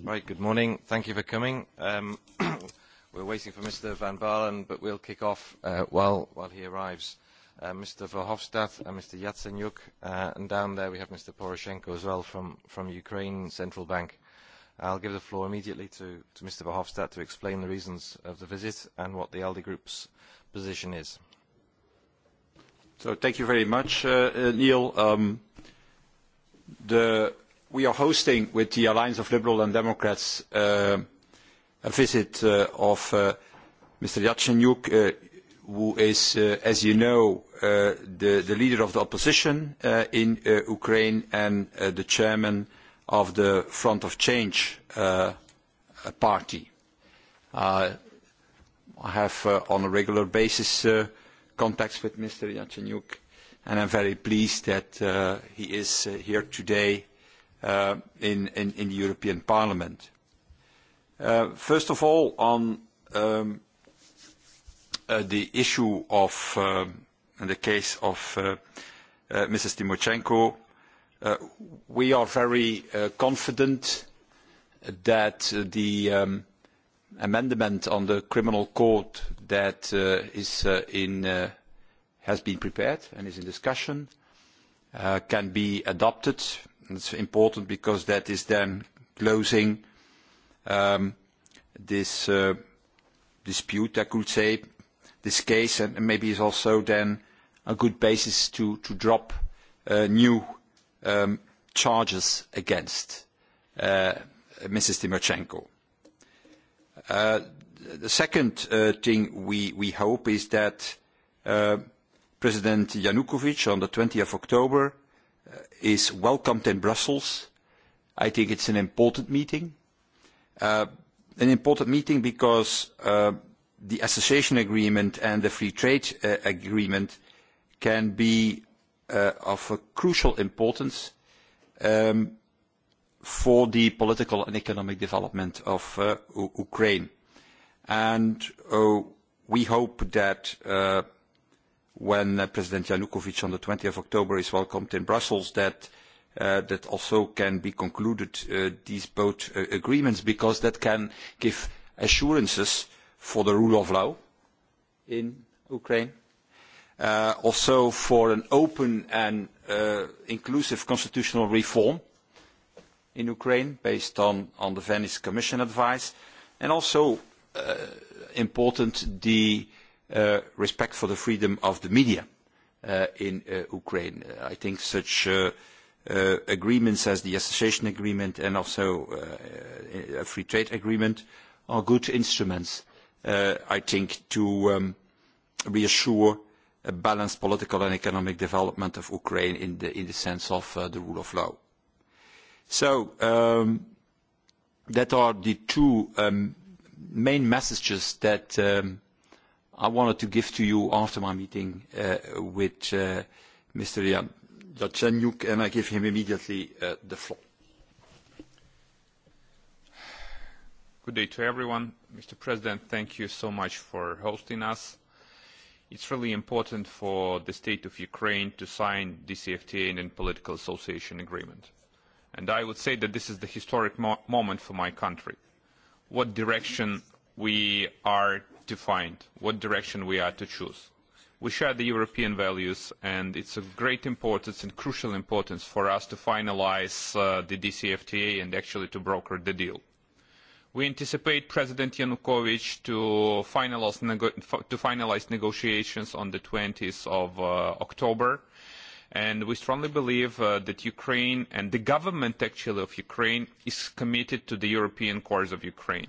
Right, good morning. Thank you for coming. Um, we're waiting for Mr. Van Balen, but we'll kick off uh, while, while he arrives. Uh, Mr. Verhofstadt and Mr. Yatsenyuk, uh, and down there we have Mr. Poroshenko as well from, from Ukraine Central Bank. I'll give the floor immediately to, to Mr. Verhofstadt to explain the reasons of the visit and what the ALDE Group's position is. So thank you very much, uh, uh Neil. Um, the we are hosting with the Alliance of Liberals and Democrats uh, a visit uh, of uh, Mr. Yatsenyuk, uh, who is, uh, as you know, uh, the, the leader of the opposition uh, in uh, Ukraine and uh, the chairman of the Front of Change uh, party. Uh, I have uh, on a regular basis uh, contacts with Mr. Yatsenyuk, and I'm very pleased that uh, he is uh, here today uh, in, in, in the European Parliament. Uh, first of all, on um, uh, the issue of uh, the case of uh, uh, Mrs. Timoshenko, uh, we are very uh, confident that the um, amendment on the criminal Court that uh, is uh, in uh, has been prepared and is in discussion uh, can be adopted It's important because that is then closing um, this uh, dispute, I could say, this case, and maybe is also then a good basis to, to drop uh, new um, charges against uh, Mrs. Timoshenko. Uh, the second uh, thing we, we hope is that uh, President Yanukovych on the 20th of October Uh, is welcomed in Brussels. I think it's an important meeting. Uh, an important meeting because uh, the association agreement and the free trade uh, agreement can be uh, of a crucial importance um, for the political and economic development of uh, Ukraine. And uh, we hope that uh, when uh, President Yanukovych on the 20th of October is welcomed in Brussels that uh, that also can be concluded uh, these both uh, agreements because that can give assurances for the rule of law in Ukraine, uh, also for an open and uh, inclusive constitutional reform in Ukraine based on, on the Venice Commission advice, and also uh, important the uh, respect for the freedom of the media uh, in uh, Ukraine. I think such uh, uh, agreements as the association agreement and also uh, a free trade agreement are good instruments, uh, I think, to um, reassure a balanced political and economic development of Ukraine in the, in the sense of uh, the rule of law. So um, that are the two um, main messages that um, I wanted to give to you after my meeting uh, with uh, Mr. Yatsenyuk, and I give him immediately uh, the floor. Good day to everyone. Mr. President, thank you so much for hosting us. It's really important for the state of Ukraine to sign the CFTA and political association agreement. And I would say that this is the historic mo moment for my country. What direction we are defined, what direction we are to choose. We share the European values, and it's of great importance and crucial importance for us to finalize uh, the DCFTA and actually to broker the deal. We anticipate President Yanukovych to finalize, nego to finalize negotiations on the 20th of uh, October, and we strongly believe uh, that Ukraine and the government actually of Ukraine is committed to the European cause of Ukraine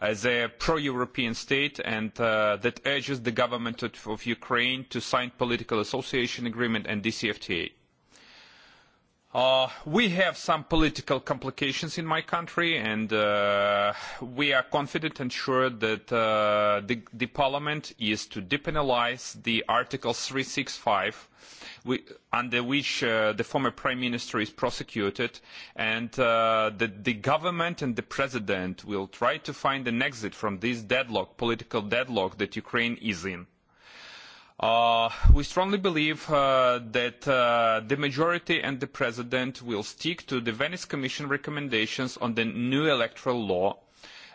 as a pro-European state and uh, that urges the government of, of Ukraine to sign political association agreement and DCFTA. Uh, we have some political complications in my country and uh, we are confident and sure that uh, the, the parliament is to depenalize the Article 365 we, under which uh, the former prime minister is prosecuted, and uh, the, the government and the president will try to find an exit from this deadlock, political deadlock that Ukraine is in. Uh, we strongly believe uh, that uh, the majority and the president will stick to the Venice Commission recommendations on the new electoral law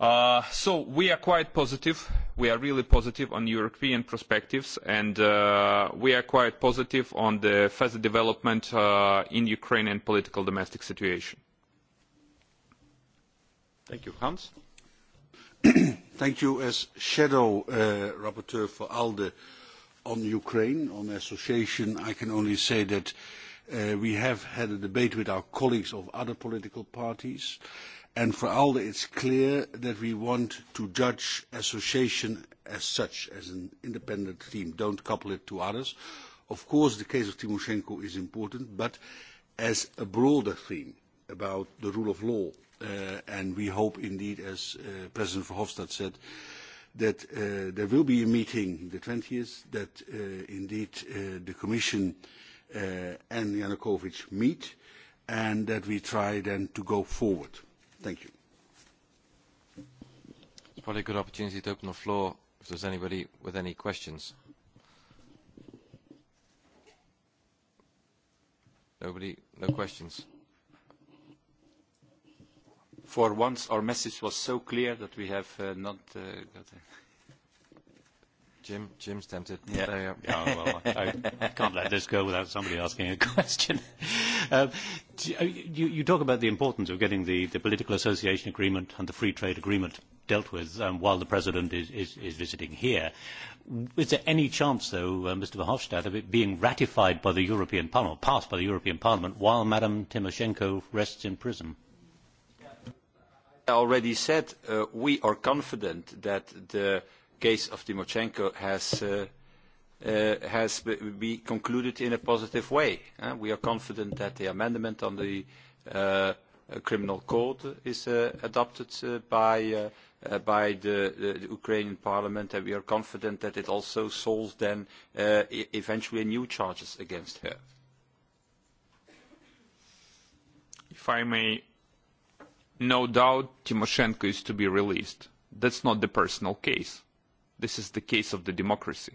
Uh, so we are quite positive. We are really positive on European perspectives, and uh, we are quite positive on the further development uh, in Ukraine and political domestic situation. Thank you, Hans. Thank you as shadow rapporteur for ALDE on Ukraine, on association. I can only say that we have had a debate with our colleagues of other political parties and for ALDE it's clear that we want to judge association as such, as an independent team. Don't couple it to others. Of course, the case of Timoshenko is important, but as a broader theme about the rule of law, uh, and we hope indeed, as uh, President Verhofstadt said, that uh, there will be a meeting the 20th, that uh, indeed uh, the Commission uh, and Yanukovych meet, and that we try then to go forward. Thank you. It's probably a good opportunity to open the floor if there's anybody with any questions. Nobody, no questions. For once, our message was so clear that we have uh, not uh, got it. Jim, Jim's tempted. Yeah, yeah well, I, I can't let this go without somebody asking a question. Um, uh, you, you talk about the importance of getting the, the political association agreement and the free trade agreement dealt with um, while the president is, is, is visiting here. Is there any chance, though, uh, Mr. Verhofstadt, of it being ratified by the European Parliament, passed by the European Parliament, while Madam Tymoshenko rests in prison? I already said uh, we are confident that the case of Tymoshenko has uh, uh, has be concluded in a positive way. Uh, we are confident that the amendment on the uh, criminal code is uh, adopted uh, by, uh, uh, by the, the, the Ukrainian parliament and we are confident that it also solves then uh, e, eventually new charges against her. If I may, no doubt Timoshenko is to be released. That's not the personal case. This is the case of the democracy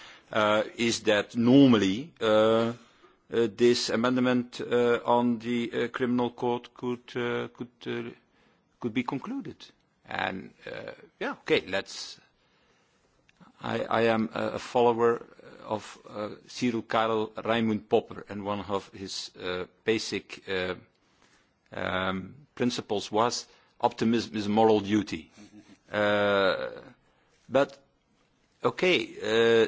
uh, is that normally uh, uh, this amendment uh, on the uh, criminal court could uh, could uh, could be concluded. And uh, yeah, okay, let's. I, I am a follower of uh, Cyril Karel Raimund Popper, and one of his uh, basic uh, um, principles was optimism is moral duty. Uh, but okay, uh,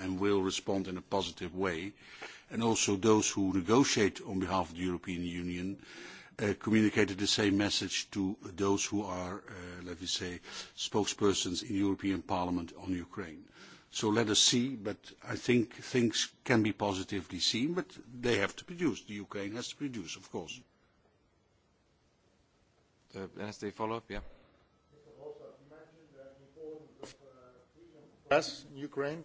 and will respond in a positive way. And also those who negotiate on behalf of the European Union uh, communicated the same message to those who are, uh, let me say, spokespersons in European Parliament on Ukraine. So let us see, but I think things can be positively seen, but they have to produce. The Ukraine has to produce, of course. The NSD follow-up, yeah. Mr. you mentioned of of uh, freedom press in Ukraine.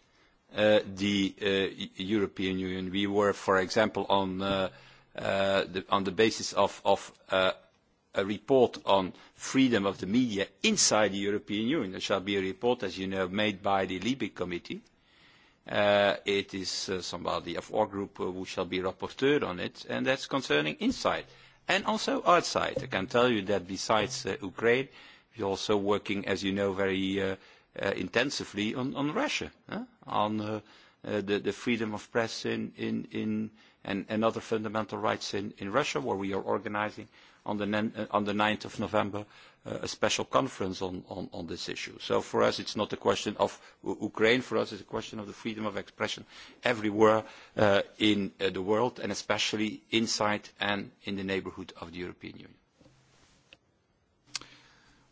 uh, the uh, European Union. We were, for example, on, uh, uh, the, on the basis of, of uh, a report on freedom of the media inside the European Union. There shall be a report, as you know, made by the Libic Committee. Uh, it is uh, somebody of our group uh, who shall be rapporteur on it, and that's concerning inside and also outside. I can tell you that besides uh, Ukraine, we're also working, as you know, very uh, uh, intensively on, on Russia, eh? on uh, uh, the, the freedom of press in, in, in, and, and other fundamental rights in, in Russia, where we are organizing on the, uh, on the 9th of November uh, a special conference on, on, on this issue. So for us, it's not a question of Ukraine. For us, it's a question of the freedom of expression everywhere uh, in uh, the world, and especially inside and in the neighborhood of the European Union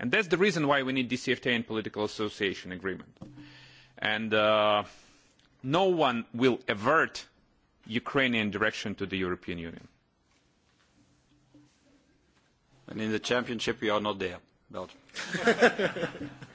And that's the reason why we need DCFTA and political association agreement. And uh, no one will avert Ukrainian direction to the European Union. And in the championship, we are not there, Belgium.